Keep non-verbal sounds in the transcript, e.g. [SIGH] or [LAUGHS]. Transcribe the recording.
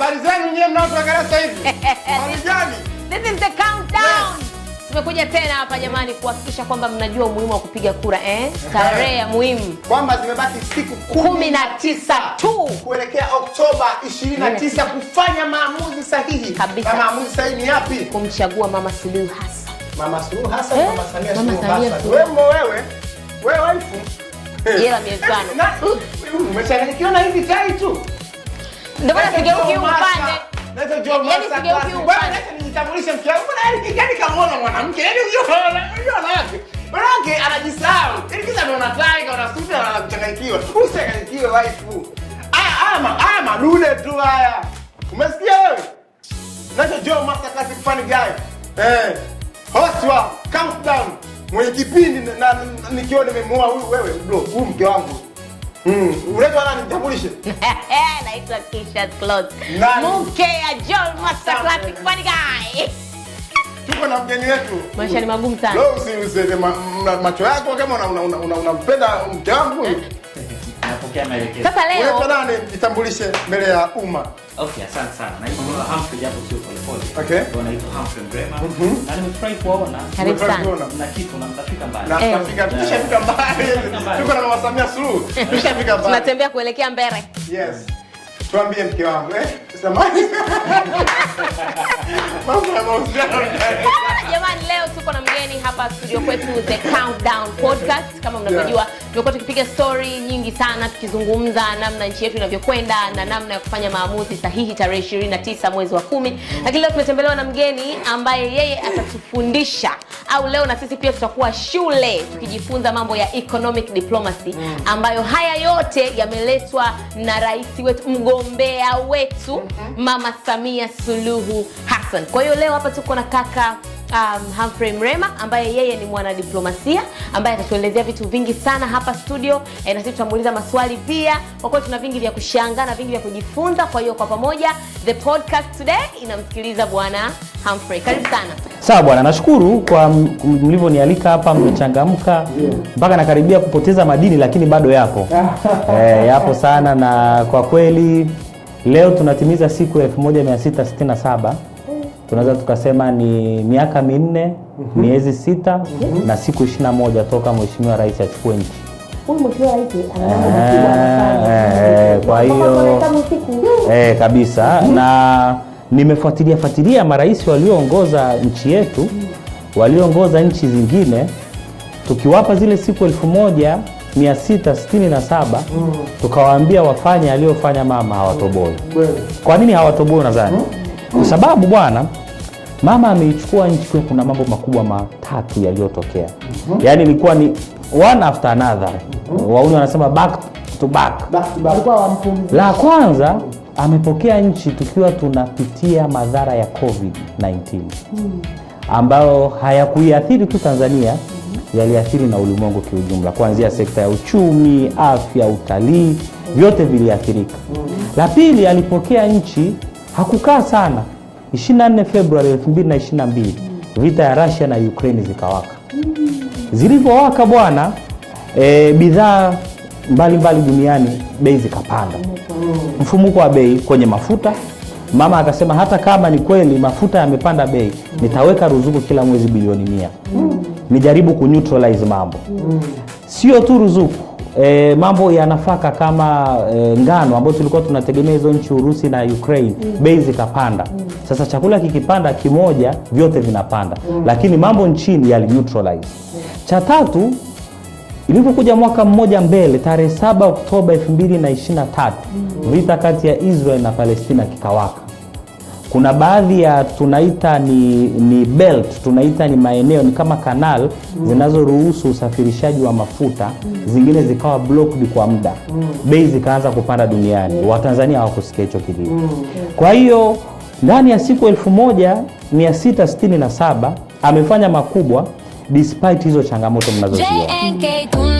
Habari zenu nyewe mnaotuangalia sasa hivi. [LAUGHS] This is the countdown. Tumekuja tena hapa jamani kuhakikisha kwamba mnajua umuhimu wa kupiga kura eh? Tarehe ya muhimu kwamba zimebaki siku kumi na tisa tu kuelekea Oktoba 29 kufanya maamuzi sahihi. Kabisa. Na maamuzi sahihi ni yapi? Kumchagua Mama Suluhu Hassan. Mama Suluhu Hassan, eh? Mama Samia Suluhu Hassan. Wewe wewe, wewe waifu. Yeye amefanya. [LAUGHS] Umechanganyikiwa na hivi tai tu. Ndio maana sigeuki upande. Haya madude tu haya. Umesikia wewe? Nachojua master class kufanya gani? Eh. Hoswa, calm down. Mwenye kipindi na nikiona nimemuoa huyu wewe, bro, huyu mke wangu. Mm. Unaitwa nani? Tambulishe. [LAUGHS] Naitwa Kisha Mke ya John Master Classic Funny Guy. Tuko na mgeni wetu. Maisha ni magumu sana. Leo macho yako kama unampenda mke wangu. Umesikia maelekezo. Sasa leo wewe nani jitambulishe mbele ya umma. Okay, asante sana. Naitwa mhm. Humphrey japo sio polepole. Okay. Naitwa Humphrey Mrema. Mhm. Na nimefurahi kuona. Karibu sana. Na kitu na mtafika mbali. Na eh. mtafika [LAUGHS] tushafika mbali. Tuko na Mama Samia Suluhu. [LAUGHS] Tushafika mbali. Tunatembea kuelekea mbele. Yes. Tuambie mke wangu eh? Samahani. [LAUGHS] Mambo ya mahusiano hapa studio kwetu The Countdown Podcast. Kama mnavyojua yeah, tumekuwa tukipiga story nyingi sana tukizungumza namna nchi yetu inavyokwenda na namna ya kufanya maamuzi sahihi tarehe 29 mwezi wa kumi, lakini leo tumetembelewa na mgeni ambaye yeye atatufundisha au leo na sisi pia tutakuwa shule tukijifunza mambo ya economic diplomacy mm. ambayo haya yote yameletwa na rais wetu mgombea wetu mm-hmm. Mama Samia Suluhu Hassan. Kwa hiyo leo hapa tuko na kaka um, Humphrey Mrema ambaye yeye ni mwanadiplomasia ambaye atatuelezea vitu vingi sana hapa studio e, na sisi tutamuuliza maswali pia, kwa kweli tuna vingi vya kushangaa na vingi vya kujifunza. Kwa hiyo kwa pamoja the podcast today inamsikiliza bwana Humphrey. Karibu sana. Sawa bwana, nashukuru kwa mlivyonialika hapa, mmechangamka mpaka yeah. Nakaribia kupoteza madini lakini bado yapo [LAUGHS] e, yapo sana na kwa kweli leo tunatimiza siku 1667 tunaweza tukasema ni miaka minne mm -hmm. miezi sita mm -hmm. na siku ishirini na moja toka mheshimiwa rais achukue nchi. Eh, eh, eh, kwa hiyo eh, kabisa mm -hmm. na nimefuatilia fuatilia marais walioongoza nchi yetu mm -hmm. walioongoza nchi zingine tukiwapa zile siku elfu moja mia sita sitini na saba mm -hmm. tukawaambia wafanye aliyofanya mama hawatoboi. mm -hmm. Kwa nini hawatoboi? Nadhani mm -hmm. Kwa sababu bwana mama ameichukua nchi kwa kuna mambo makubwa matatu yaliyotokea. mm -hmm. Yaani ilikuwa ni one after another. mm -hmm. Wauni wanasema back to back. Back to back. La kwanza amepokea nchi tukiwa tunapitia madhara ya COVID-19 mm. ambayo hayakuiathiri tu Tanzania yaliathiri na ulimwengu kiujumla, kuanzia sekta ya uchumi, afya, utalii, hmm. vyote viliathirika mm. La pili alipokea nchi Hakukaa sana, 24 Februari 2022 vita ya Russia na Ukraine zikawaka. Zilivyowaka bwana e, bidhaa mbalimbali duniani bei zikapanda, mfumuko wa bei kwenye mafuta. Mama akasema hata kama ni kweli mafuta yamepanda bei, nitaweka ruzuku kila mwezi bilioni mia nijaribu kuneutralize mambo, sio tu ruzuku E, mambo ya nafaka kama e, ngano ambayo tulikuwa tunategemea hizo nchi Urusi na Ukraine mm. bei zikapanda mm. Sasa chakula kikipanda kimoja vyote vinapanda mm. Lakini mambo nchini yali neutralize mm. Cha tatu ilipokuja mwaka mmoja mbele tarehe 7 Oktoba 2023 mm. Vita kati ya Israel na Palestina kikawaka kuna baadhi ya tunaita ni, ni belt tunaita ni maeneo ni kama kanal mm. zinazoruhusu usafirishaji wa mafuta mm. zingine zikawa blocked kwa muda mm. bei zikaanza kupanda duniani yeah. Watanzania hawakusikia hicho kilio mm. Kwa hiyo ndani ya siku 1667 amefanya makubwa despite hizo changamoto mnazoziona.